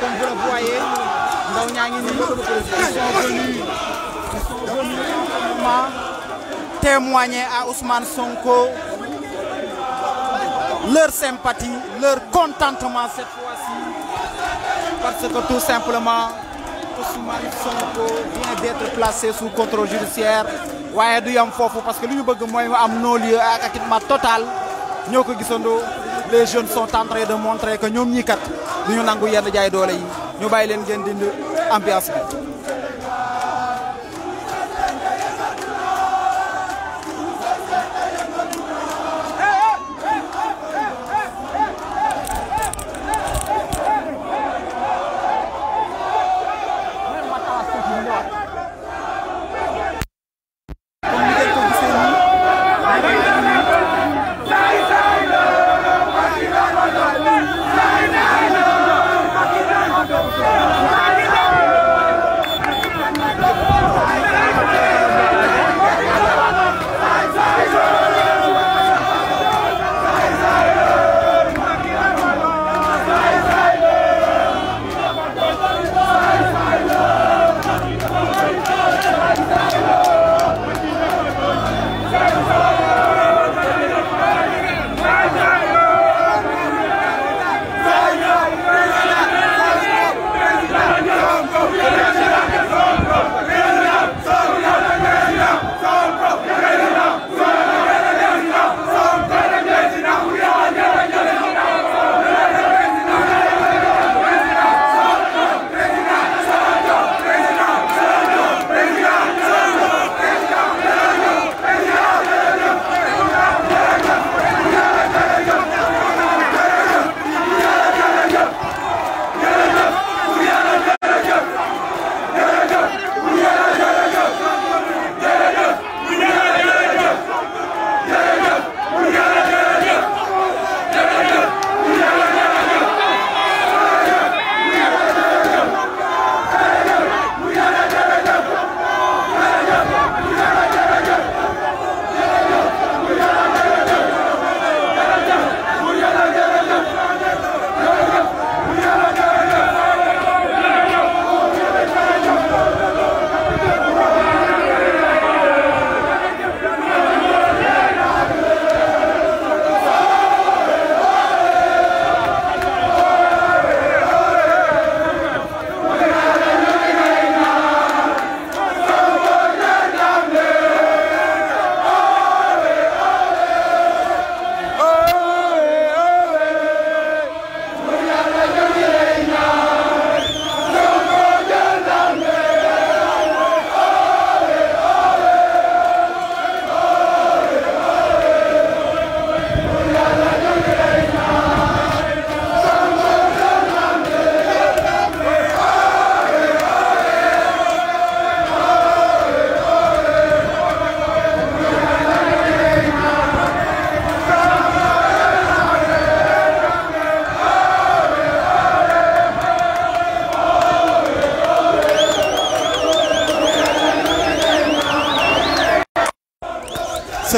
comme vous le voyez, Ndao à Ousmane Sonko leur sympathie, leur contentement cette fois-ci, parce que tout simplement Ousmane Sonko vient d'être placé sous contrôle judiciaire waaye du yam foofu parce que li ñu bëgg mooy mu am non-lieu ak acquittement total ñoo ko gisandoo. les jeunes sont en train de montrer que ñoom ñii kat du ñu nangu yenn jaay doole yi ñu bàyyi leen ngeen dindi ambiance bi.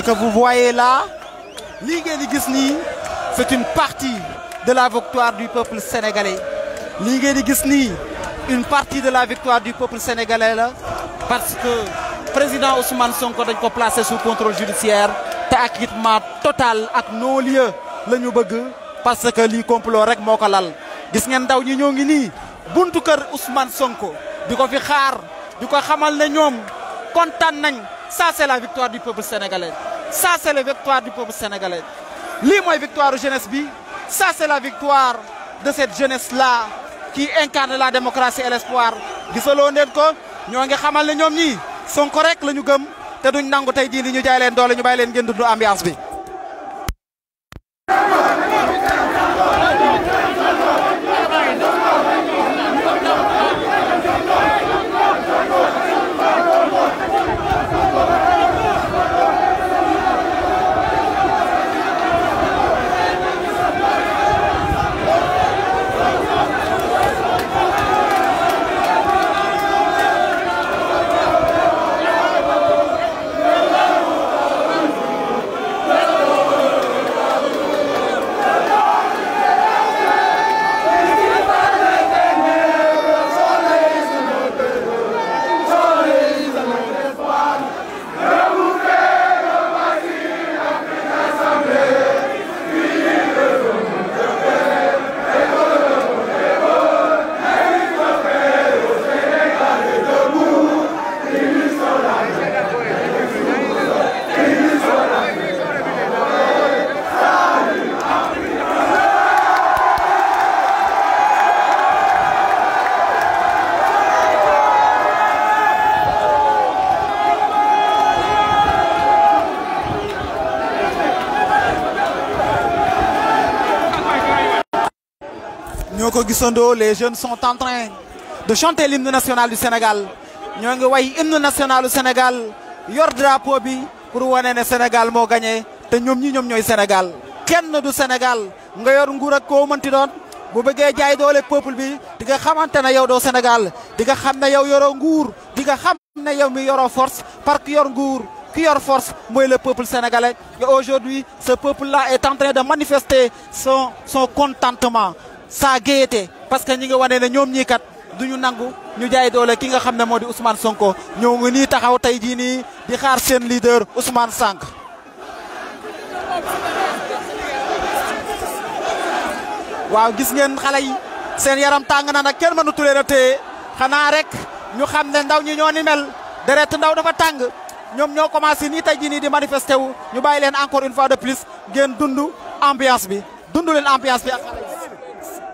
que vous voyez là lii ngeen di gis ni c'est une parti de la victoire du peuple sénégalais lii ngeen di gis nii une parti de la victoire du peuple sénégalais la parce que président Ousmane Sonko dañ ko placé sous contrôle judiciaire te acquittement total ak non-lieu la ñu bëgg parce que lii complot rek moo ko lal gis ngeen taw ñi ñoo ngi nii buntu kër Ousmane Sonko di ko fi xaar di ko xamal ne ñoom kontaan nañ ça c'est la victoire du peuple sénégalais ça c'est la victoire du peuple sénégalais lii mooy victoire jeunesse bi ça c'est la victoire de cette jeunesse là qui incarne la démocratie et l'espoir gisaloo ndeen ko ñoo ngi xamal ne ñoom ñii Sonko rek la ñu gëm te duñu nangu tey jii li ñu jaay leen doole ñu bàyyi leen ngeen dund ambiance bi gisandoo les jeunes sont en train de chanter l'hymne national du Sénégal ñoo ngi way hymne national du Sénégal yor drapeau bi pur wane ne Sénégal moo gagné te ñoom ñi ñoom ñooy Sénégal kenn du Sénégal nga yor nguur ak koo manti doon bu bëggee jaay doole peuple bi di nga xamante ne yow doo Sénégal di nga xam ne yow yoroo nguur di nga xam ne yow mi yoroo force parce que yor nguur qui yor force mooy le peuple sénégalais et aujourd'hui ce peuple là est en de manifester son son contentement saa gaieté parce que ñi ngi wanee ne ñoom ñii kat ñu nangu ñu jaay doole ki nga xam ne moo di Ousmane Sonko ñoo ngi nii taxaw tey jii nii di xaar seen leader Ousmane Sànk waa gis ngeen xale yi seen yaram tàng na nag kenn mënutu leen a xanaa rek ñu xam ne ndaw ñi ñoo ni mel deret ndaw dafa tàng ñoom ñoo commencé nii tey jii nii di manifesté wu ñu bàyyi leen encore une fois de plus ngeen dund ambiance bi dund leen ambiance bi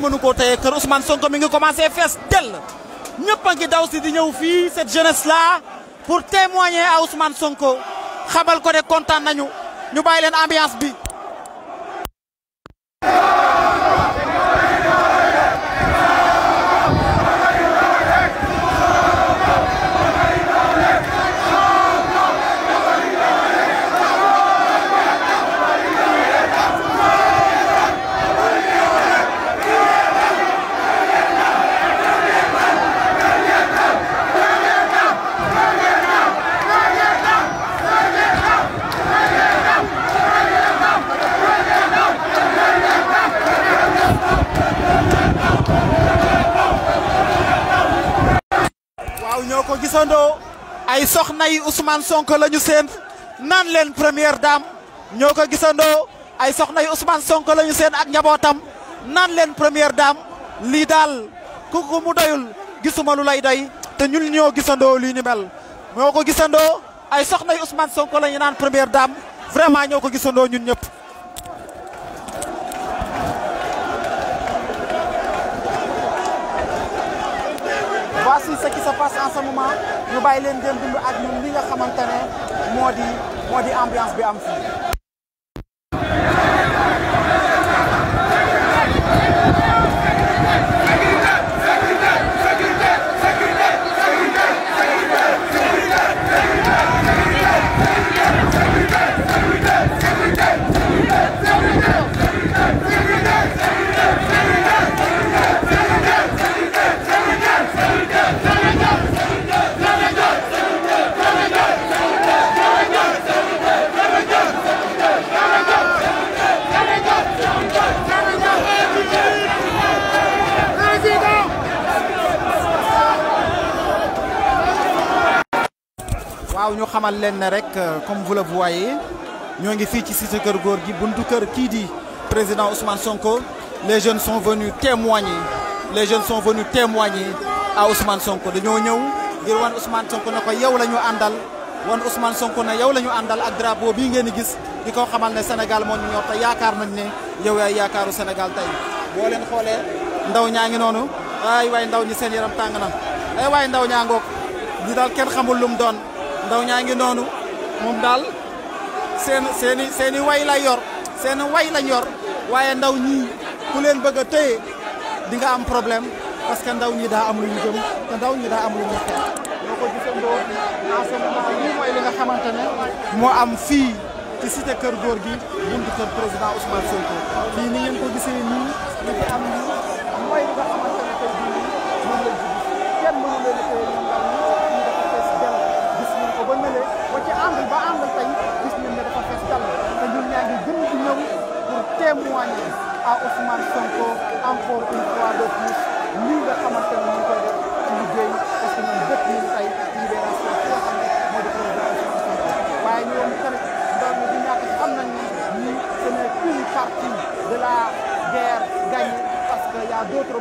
mënu koo téye kër Ousmane Sonko mi ngi commencé fees dell ñëpp a ngi daw si di ñëw fii cette jeunesse la pour témoigner à Ousmane Sonko xamal ko de kontaan nañu ñu bàyyi leen ambiance bi. ay Ousmane Sonko la ñu seen naan leen première dame ñoo ko gisandoo ay soxna yu Ousmane Sonko la ñu seen ak njabootam naan leen première dame lii daal ku ko mu doyul gisuma lu lay doy te ñun ñoo gisandoo lii ni mel ñoo ko gisandoo ay soxna yu Ousmane Sonko la ñu naan première dame vraiment ñoo ko gisandoo ñun ñëpp. voici ce qui se passe en ce moment ñu bàyyi leen ngeen dund ak ñun li nga xamante ne moo di moo di ambiance bi am fii xamal leen ne rek euh, comme vous le voyez ñoo ngi fii ci cité kër góor gi buntu kër kii di président Ousmane Sonko les jeunes sont venus témoigner les jeunes sont venus témoigner a Ousmane Sonko dañoo ñëw ngir wan Ousmane Sonko na ko yow la ñu àndal wan Ousmane Sonko ne yow la àndal ak drapeau bii ngeen di gis di ko xamal ne Sénégal moo ñu ñor te yaakaar nañ ne yow yaay yaakaaru Sénégal tey boo leen xoolee ndaw ñaa ngi noonu ay waay ndaw ñi seen yaram tàng na ay waay ndaw ñaa ngoog ndaw ñaa ngi noonu moom daal seen seeni seeni seen way la yor seeni way lañ yor waaye ndaw ñi ku leen bëgg a téye di nga am problème parce que ndaw ñi daa am lu ñu jëm te ndaw ñi daa am lu ñu xeex xamante ne moo am fii ci cité kër góor gi buntu kër président Ousmane Sonko fii ni ngeen ko gisee nii li fi am nii à Ousmane Sonko encore une fois de plus lii nga xamante ne ñu koy def liggéey parce que ñoom bépp ñun tey libération ki nga xam moo di président Sonko waaye ñoom tamit ndaw ñi di ñàkk xam nañ ni ce n'est qu'une partie de la guerre gagnée parce que y a d'autres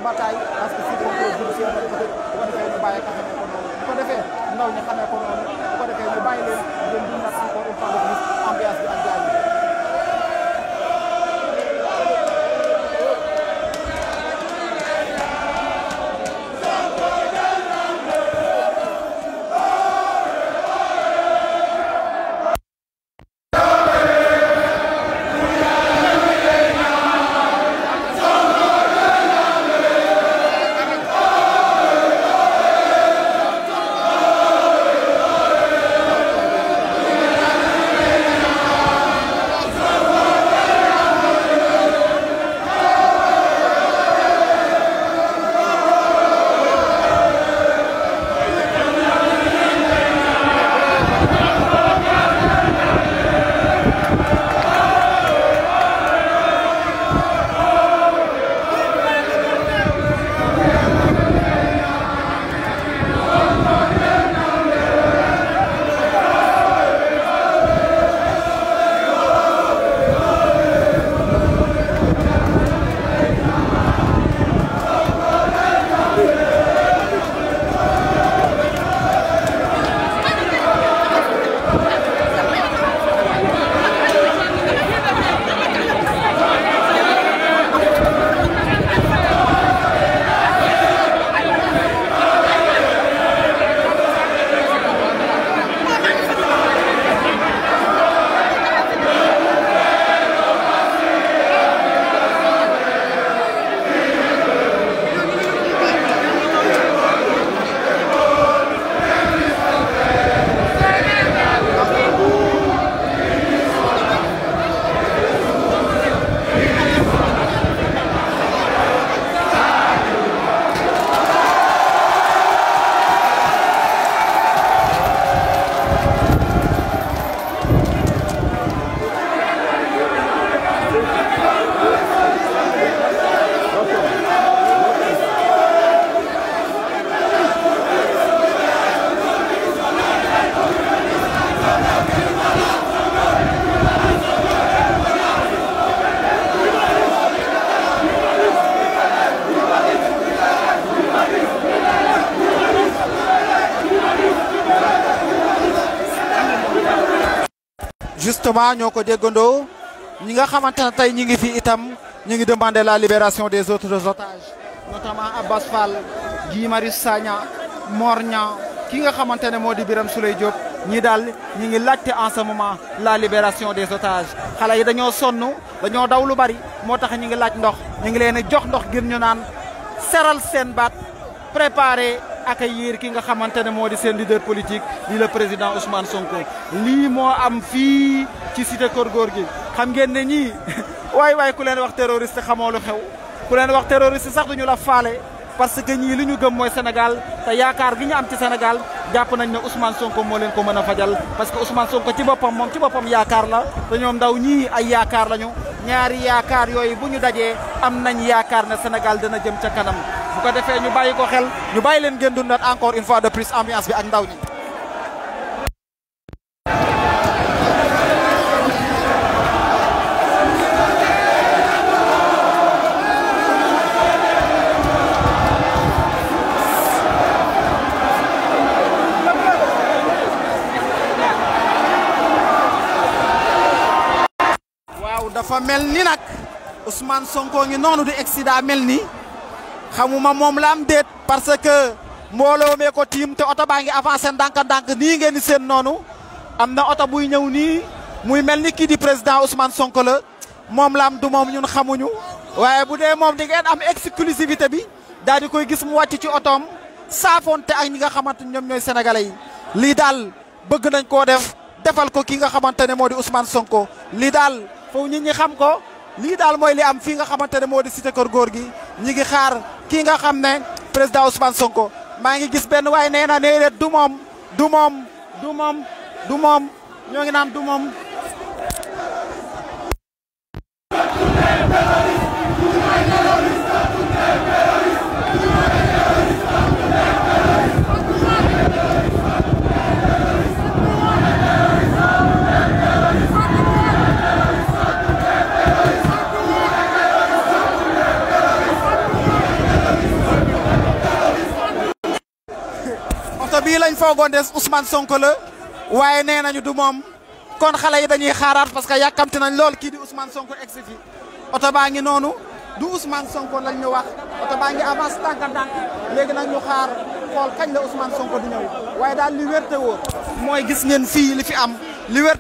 mouvement ñoo ko déggandoo ñi nga xamante ne tey ñi ngi fi itam ñu ngi demander la libération des autres otages notamment Abbas Fall Guy Marius Sagna Mor Niang ki nga xamante ne moo di Birame Souleye Diop ñii daal ñi ngi laajte en ce la libération des otages xale yi dañoo sonn dañoo daw lu bari moo tax ñi ngi laaj ndox ñu ngi leen jox ndox ngir ñu naan seral seen baat préparer accueillir ki nga xamante ne moo di seen leader politique di le président Ousmane Sonko lii moo am fii ci cité Keur Gorgui xam ngeen ne ñii waay waay ku leen wax terroriste xamoo lu xew ku leen wax terroriste sax duñu la faale parce que ñii li ñu gëm mooy Sénégal te yaakaar gi ñu am ci Sénégal jàpp nañ ne Ousmane Sonko moo leen ko mën a fajal parce que Ousmane Sonko ci boppam moom ci boppam yaakaar la te ñoom ndaw ñii ay yaakaar lañu ñaari yaakaar yooyu bu ñu dajee am nañ yaakaar ne Sénégal dana jëm ca kanam bu ko defee ñu bàyyi ko xel ñu bàyyi leen ngeen dundat encore une fois de plus ambiance bi ak ndaw ñi. dafa mel ni nag Ousmane Sonko ngi noonu di egsi daa mel ni. xamuma moom la am déet parce que mbooloo mee ko tiim te oto baa ngi avancé ndànk-ndànk nii ngeen di seen noonu am na oto buy ñëw nii muy mel ni kii di président Ousmane Sonko la moom la am du moom ñun xamuñu waaye bu dee moom di ngeen am exclusivité bi daal di koy gis mu wàcc ci otoom saafonte ak ñi nga xamante ni ñoom ñooy sénégalais yi lii daal bëgg nañ koo def defal ko kii nga xamante ne moo di Ousmane Sonko lii daal foofu nit ñi xam ko lii daal mooy li am fii nga xamante ne moo di cité kër góor gi ñi ngi xaar. kii nga xam ne président Ousmane Sonko maa ngi gis benn waaye nee na nee du moom du moom du moom ñoo ngi naan du moom. foogoon des Ousmane Sonko la waaye nee nañu du moom kon xale yi dañuy xaaraat parce que yàkkamti nañ lool kii di Ousmane Sonko egsi fi oto baa ngi noonu du Ousmane Sonko lañ ñu wax oto baa ngi avance tànk ndànk léegi nag ñu xaar xool kañ la Ousmane Sonko di ñëw waaye daal li wér mooy gis ngeen fii li fi am li wér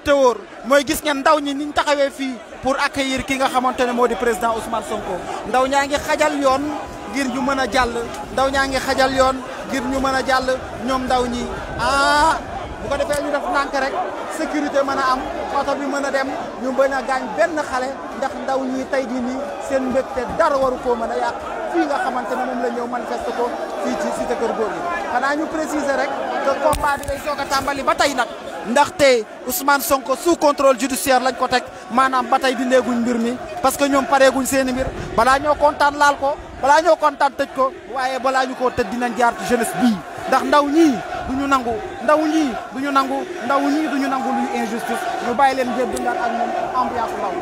mooy gis ngeen ndaw ñi ñu taxawee fii pour accueillir ki nga xamante ne moo di président Ousmane Sonko ndaw ñaa ngi xajal yoon ngir ñu mën a jàll ndaw ñaa ngi xajal yoon ngir ñu mën a jàll ñoom ndaw ñi ah bu ko defee ñu def ndànk rek sécurité mën a am oto bi mën a dem ñu mën a gaañ benn xale ndax ndaw ñi tey jii nii seen mbégte dara waru koo mën a yàq fii nga xamante ne moom la ñëw manifeste ko fii ci cité Keur Gorgui xanaa ñu préciser rek que combat bi day soog tàmbali ba tey nag ndaxte Ousmane Sonko sous contrôle judiciaire lañ ko teg maanaam ba tey dindeeguñ mbir mi parce que ñoom pareeguñ seen i mbir balaa ñoo kontaan laal ko. balaa ñoo kontaan tëj ko waaye balaa ñu koo tëj dinañ jaar ci bii ndax ndaw ñii du ñu nangu ndaw ñii du ñu nangu ndaw ñii du ñu nangu luy injustice ñu bàyyi leen ngeen dundaat ak ñoom ambiance ndaw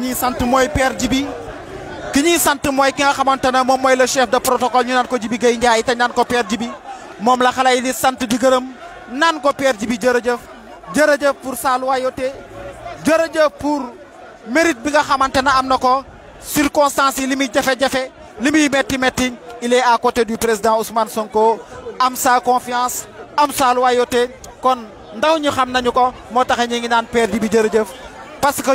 ki sant mooy père Jibi ki ñuy sant mooy ki nga xamante ne moom mooy le chef de protocole ñu naan ko Jibi Gueye Ndiaye te naan ko père Jibi moom la xale yi di sant di gërëm naan ko père Jibi jërëjëf jërëjëf pour sa loyauté jërëjëf pour mérite bi nga xamante ne am na ko circonstances yi li muy jafe-jafe li muy métti métti il est à côté du président Ousmane Sonko am saa confiance am sa loyauté kon ndaw ñi xam nañu ko moo tax ñu ngi naan père Jibi jërëjëf parce que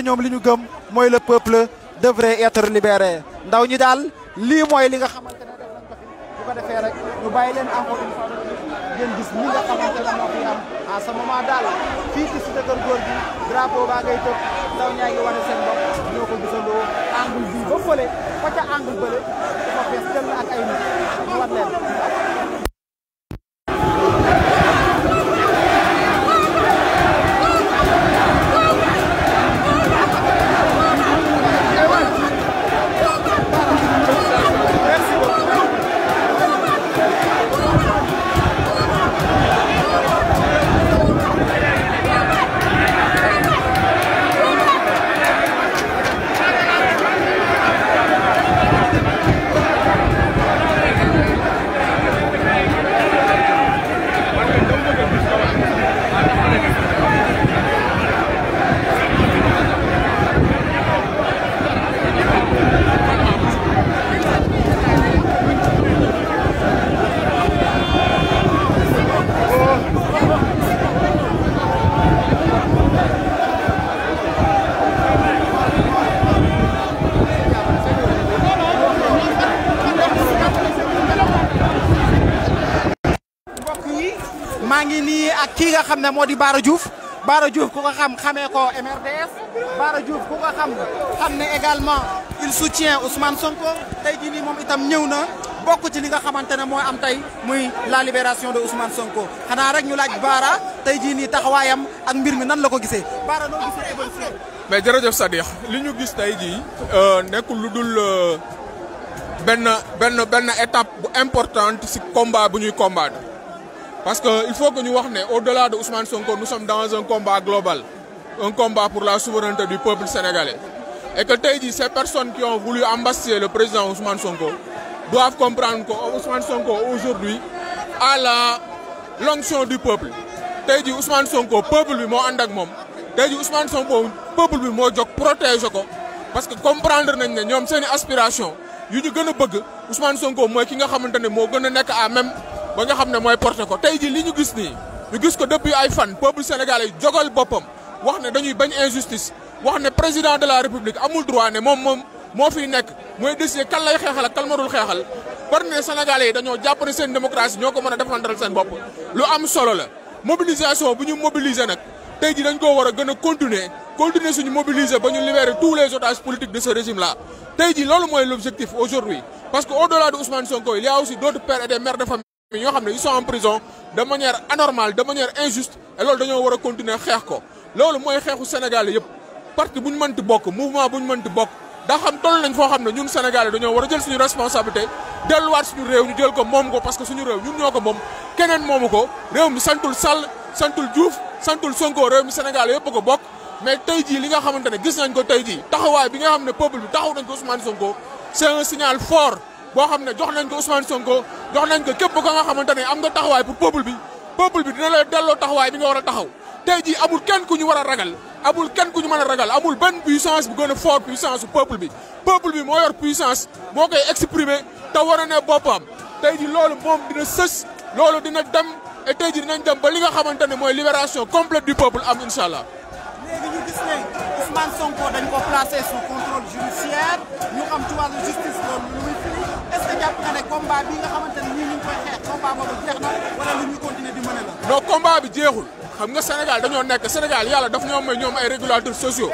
mooy le peuple devrait être libéré ndaw ñi daal lii mooy li nga xamante ne def nañ ko fi defee rek ñu bàyyi leen encore une ngeen gis li nga xamante ne moo fi am à ce daal fii ci cité Keur Gorgui drapeau baa ngay tëb ndaw ñaa ngi wane seen bopp ñoo ko gisandoo angle bii ba fële fa ca angle bële dafa fees jël ak ay nit ñu ne moo di Bara Diouf Bara Diouf ku ko xam xamee ko MRDS Bara Diouf ku ko xam xam ne également il soutient Ousmane Sonko tey jii nii moom itam ñëw na bokk ci li nga xamante ne mooy am tey muy la libération de Ousmane Sonko xanaa rek ñu laaj Bara tey jii nii taxawaayam ak mbir mi nan la ko gisee Bara noo gisee évolution mais jërëjëf Sadikh li ñu gis tey jii euh, nekkul lu dul euh, benn benn benn étape bu importante si combat bu ñuy combattre. Parce qu'il faut que nous au au-delà de Ousmane Sonko, nous sommes dans un combat global, un combat pour la souveraineté du peuple sénégalais. Et que dit, ces personnes qui ont voulu ambasser le président Ousmane Sonko doivent comprendre que Ousmane Sonko aujourd'hui a la l'onction du peuple. dit, Ousmane Sonko, peuple lui m'a dit, Ousmane Sonko, moo lui m'a ko parce que comprendre nañ ne ñoom seen i aspiration yu ñu gën a bëgg Ousmane Sonko mooy ki nga xamante ne moo gën a nekk à même ba nga xam ne mooy porté ko tey ji li ñu gis nii ñu gis ko depuis ay fan peuple sénégalais yi jogal boppam wax ne dañuy bañ injustice wax ne président de la république amul droit ne moom moom moo fiy nekk mooy décider kan lay xeexal ak kan ma dul xeexal bari ne sénégalais yi dañoo jàpp seen démocratie ñoo ko mën a défendral seen bopp lu am solo la mobilisation bu ñu mobiliser nag tey ji dañ koo war a gën a continuer suñu mobiliser ba ñu libérer tous les ñoo xam ne ils sont en prison de manière anormale de manière injuste et loolu dañoo war a continuer xeex ko loolu mooy xeexu Sénégal yëpp parti bu ñu mënti bokk mouvement bu ñu mënti bokk daa xam toll nañ foo xam ne ñun Sénégal dañoo war a jël suñu responsabilité delluwaat suñu réew ñu jël ko moom ko parce que suñu réew ñun ñoo ko moom keneen moomu ko réew mi santul Sall santul Diouf santul Sonko réew mi Sénégal yëpp ko bokk mais tey jii li nga xamante ne gis nañ ko tey jii taxawaay bi nga xam ne peuple bi taxaw nañ ko Ousmane Sonko c'est un signal fort boo xam ne jox nañ ko Ousmane Sonko jox nañ ko képp ko nga xamante ne am nga taxawaay pour peuple bi peuple bi dina la delloo taxawaay bi nga war a taxaw tey jii amul kenn ku ñu war a ragal amul kenn ku ñu mën a ragal amul benn puissance bu gën a fort puissance su bi peuple bi moo yor puissance moo koy exprimer te war a ne boppam tey ji loolu moom dina sës loolu dina dem et tey jii dinañ dem ba li nga xamante ne mooy libération complète du peuple am incha allah. léegi ñu gis ne Ousmane Sonko dañ ko placé est-ce que jàpp nga ne bi nga xamante ne na wala lu ñuy continuer di mëne la. non combat bi jeexul xam nga Sénégal dañoo nekk Sénégal yàlla daf ñoo may ñoom ay régulateurs sociaux.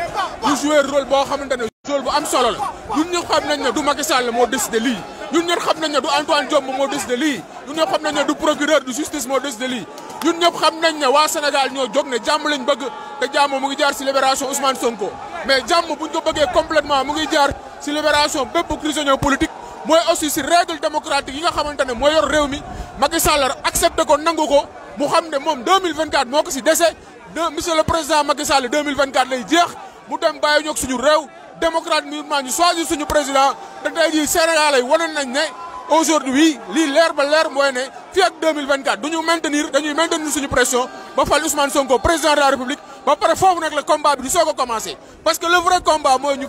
ñu jouer rôle boo xamante ne rôle bu am solo la ñun ñëpp xam nañ ne du Macky Sall moo décidé lii. xam nañ ne du Antoine Diome moo décidé lii ñun ñëpp xam nañ ne du procureur du justice moo décidé lii ñun ñëpp xam nañ ne waa Sénégal ñoo jog ne jàmm lañ bëgg te jàmm mu ngi jaar si libération Ousmane Sonko mais jàmm buñ ko bëggee complètement mu ngi jaar si libération bépp prisonnier politique mooy aussi si règle démocratique yi nga xamante ne mooy yor réew mi Macky Sall ko nangu ko mu xam ne moom 2024 moo ko si dese de monsieur le président Macky Sall 2024 lay jeex mu dem bàyyi ñoog suñu réew démocratiquement ñu choisir suñu président te tey jii Sénégal ne aujourd'hui lii leer ba leer mooy ne fii ak 2024 du ñu maintenir dañuy maintenir suñu pression ba fal Ousmane Sonko président de la République ba pare foofu nag commencé parce que le vrai combat mooy ñu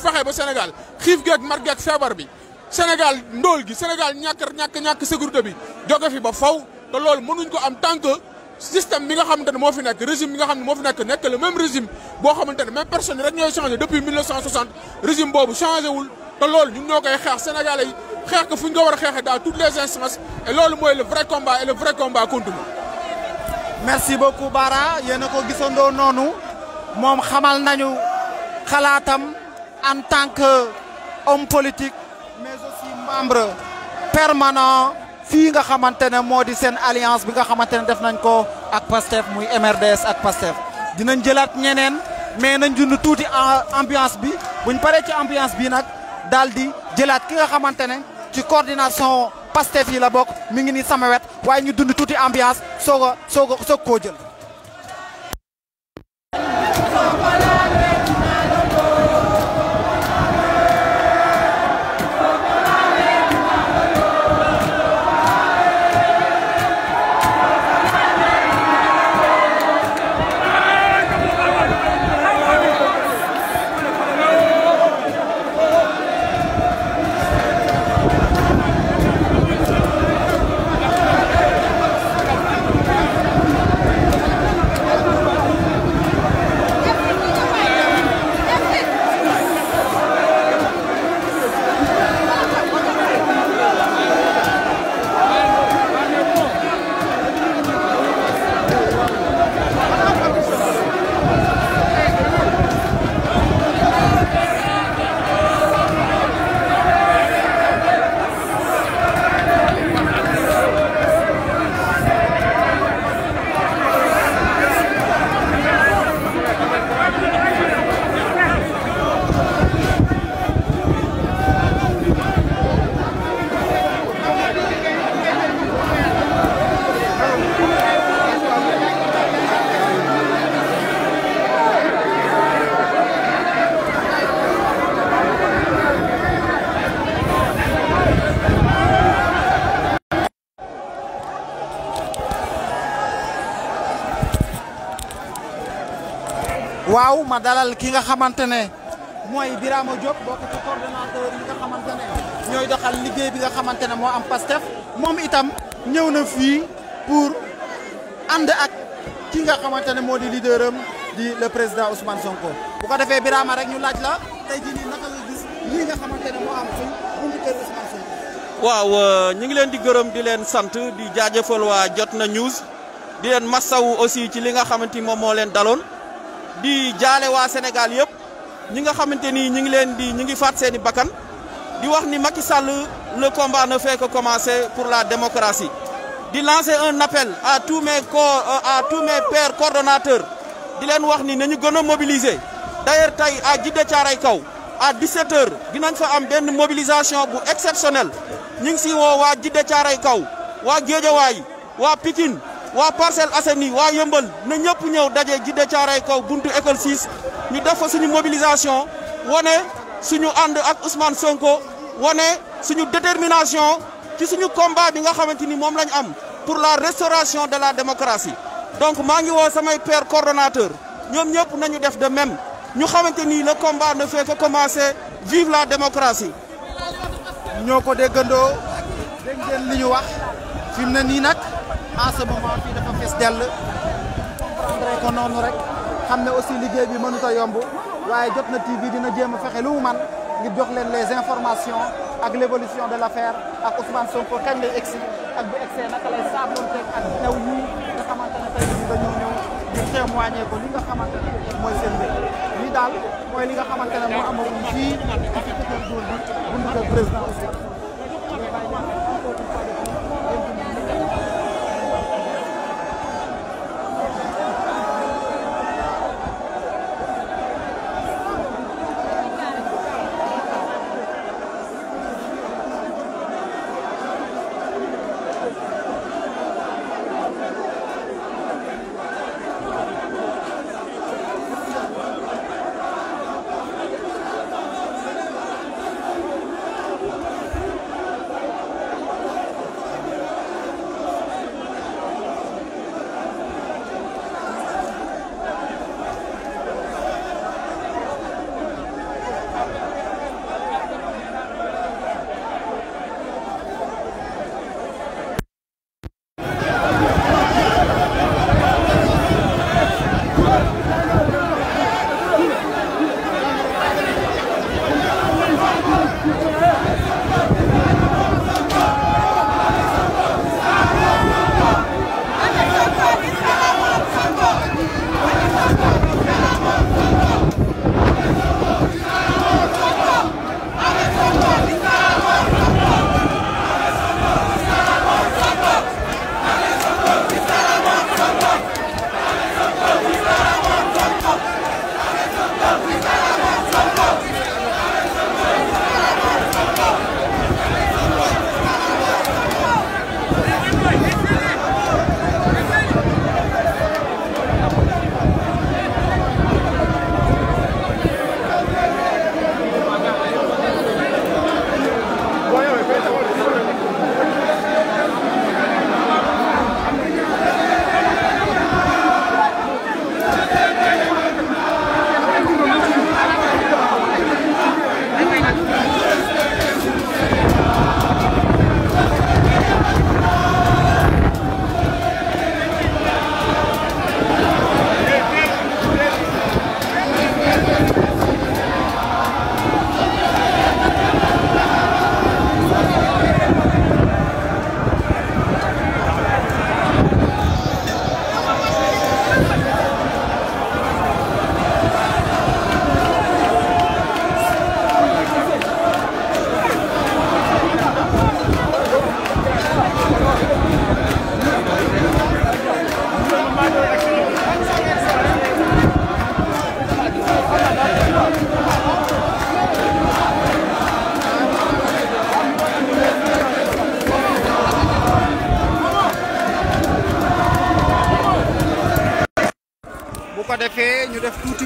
bi. Sénégal ndóol gi Sénégal ñàkk ñàkk ñàkk sécurité bi jóge fi ba faw te loolu mënuñ ko am tant que système bi nga xamante ne moo fi nekk régime bi nga xam ne moo fi nekk nekk le même régime boo xamante ne même personne rek ñooy changé depuis 1960 régime boobu changé wul te loolu ñun ñoo koy xeex sénégalais yi xeex ko fu ñu ko war a xeexee dans toutes les instances et loolu mooy le vrai combat et le vrai combat continue. merci beaucoup Bara yéen a ko gisandoo noonu moom xamal nañu xalaatam en tant que homme membre permanent fii nga xamante ne moo di seen alliance bi nga xamante ne def nañ ko ak PASTEF muy MRDS ak PASTEF dinañ jëlaat ñeneen mais nañ jund tuuti ambiance bi buñ paree ci ambiance bi nag daal di jëlaat ki nga xamante ne ci coordination PASTEF yi la bokk mi ngi ni sama wet waaye ñu dund tuuti ambiance soog a soog a soog koo jël ma dalal ki nga xamante ne mooy Birama Diop bokk ci coordonnateur yi nga xamante ñooy doxal liggéey bi nga xamante ne moo am Pastef moom itam ñëw na fii pour ànd ak ki nga xamante ne moo di leader di le président Ousmane Sonko. bu ko defee Birama rek ñu laaj la tey jii naka nga gis lii nga xamante moo am fii buntu kër Ousmane waaw euh, ñu ngi leen di gërëm di leen sant di jaajëfal waa jot na News di leen massawu aussi ci li nga xamante ni moom moo leen daloon. di jaale waa Sénégal yëpp ñi nga xamante ni ñi ngi leen di ñi ngi faat seen i bakkan di wax ni Macky Sall le combat ne fait pour la démocratie di lancer un appel à tous mes corps à tous di leen wax ni nañu gën a mobiliser d'ailleurs tey à Djiddah Thiaroye Kaw à 17 dinañ fa am benn mobilisation bu exceptionnelle ñu ngi si woo waa Djiddah Thiaroye Kaw waa Guédiawaye waa waa Parcelles Assainies waa Yëmbal na ñëpp ñëw daje Djiddah Thiaroye Kaw buntu école 6 ñu def fa suñu mobilisation wane suñu ànd ak Ousmane Sonko wane suñu détermination ci suñu combat bi nga xamante ni moom lañ am pour la restauration de la démocratie donc maa ngi woow samay père coordonnateur ñoom ñëpp nañu def de même ñu xamante ni le combat ne fait que commencer vive la démocratie. ñoo ko déggandoo dégg ngeen li wax fi ne nii nag. en ce moment fii dafa fees dell comprendre ko noonu rek xam ne aussi liggéey bi mënut a yomb waaye jot na TV dina jéem a fexe lu mu man ngir jox leen les informations ak l' de l' affaire ak Ousmane Sonko kañ lay egsi ak bu egsee naka lay saaboonteeg ak new ñii nga xamante ne tey jii dañoo ñëw di témoigner ko li nga xamante mooy seen mbir lii daal mooy li nga xamante ne moo amoon fii ci président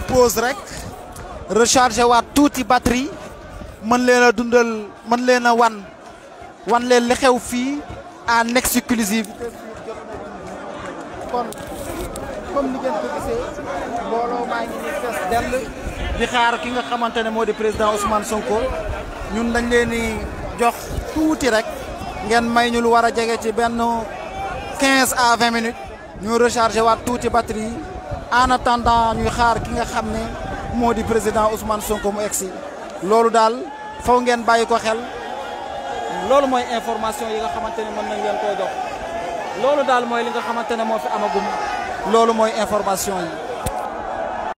pause rek recharger waat tuuti batterie mën leen a dundal mën leen a wan wan leen li xew fii en exclusivité kon comme ni ngeen gisee mbooloo maa ngi nii fees dell di xaar ki nga xamante ne moo di président Ousmane Sonko ñun dañ leen di jox tuuti rek ngeen may ñu lu war a jege ci benn 15 à 20 minutes ñu recharger waat tuuti batterie en attendant ñuy xaar ki nga xam ne moo di président Ousmane Sonko mu egsi loolu daal faw ngeen bàyyi ko xel loolu mooy information yi nga xamante ne mën nañ leen koo jox loolu daal mooy li nga xamante ne moo fi amagum loolu mooy information yi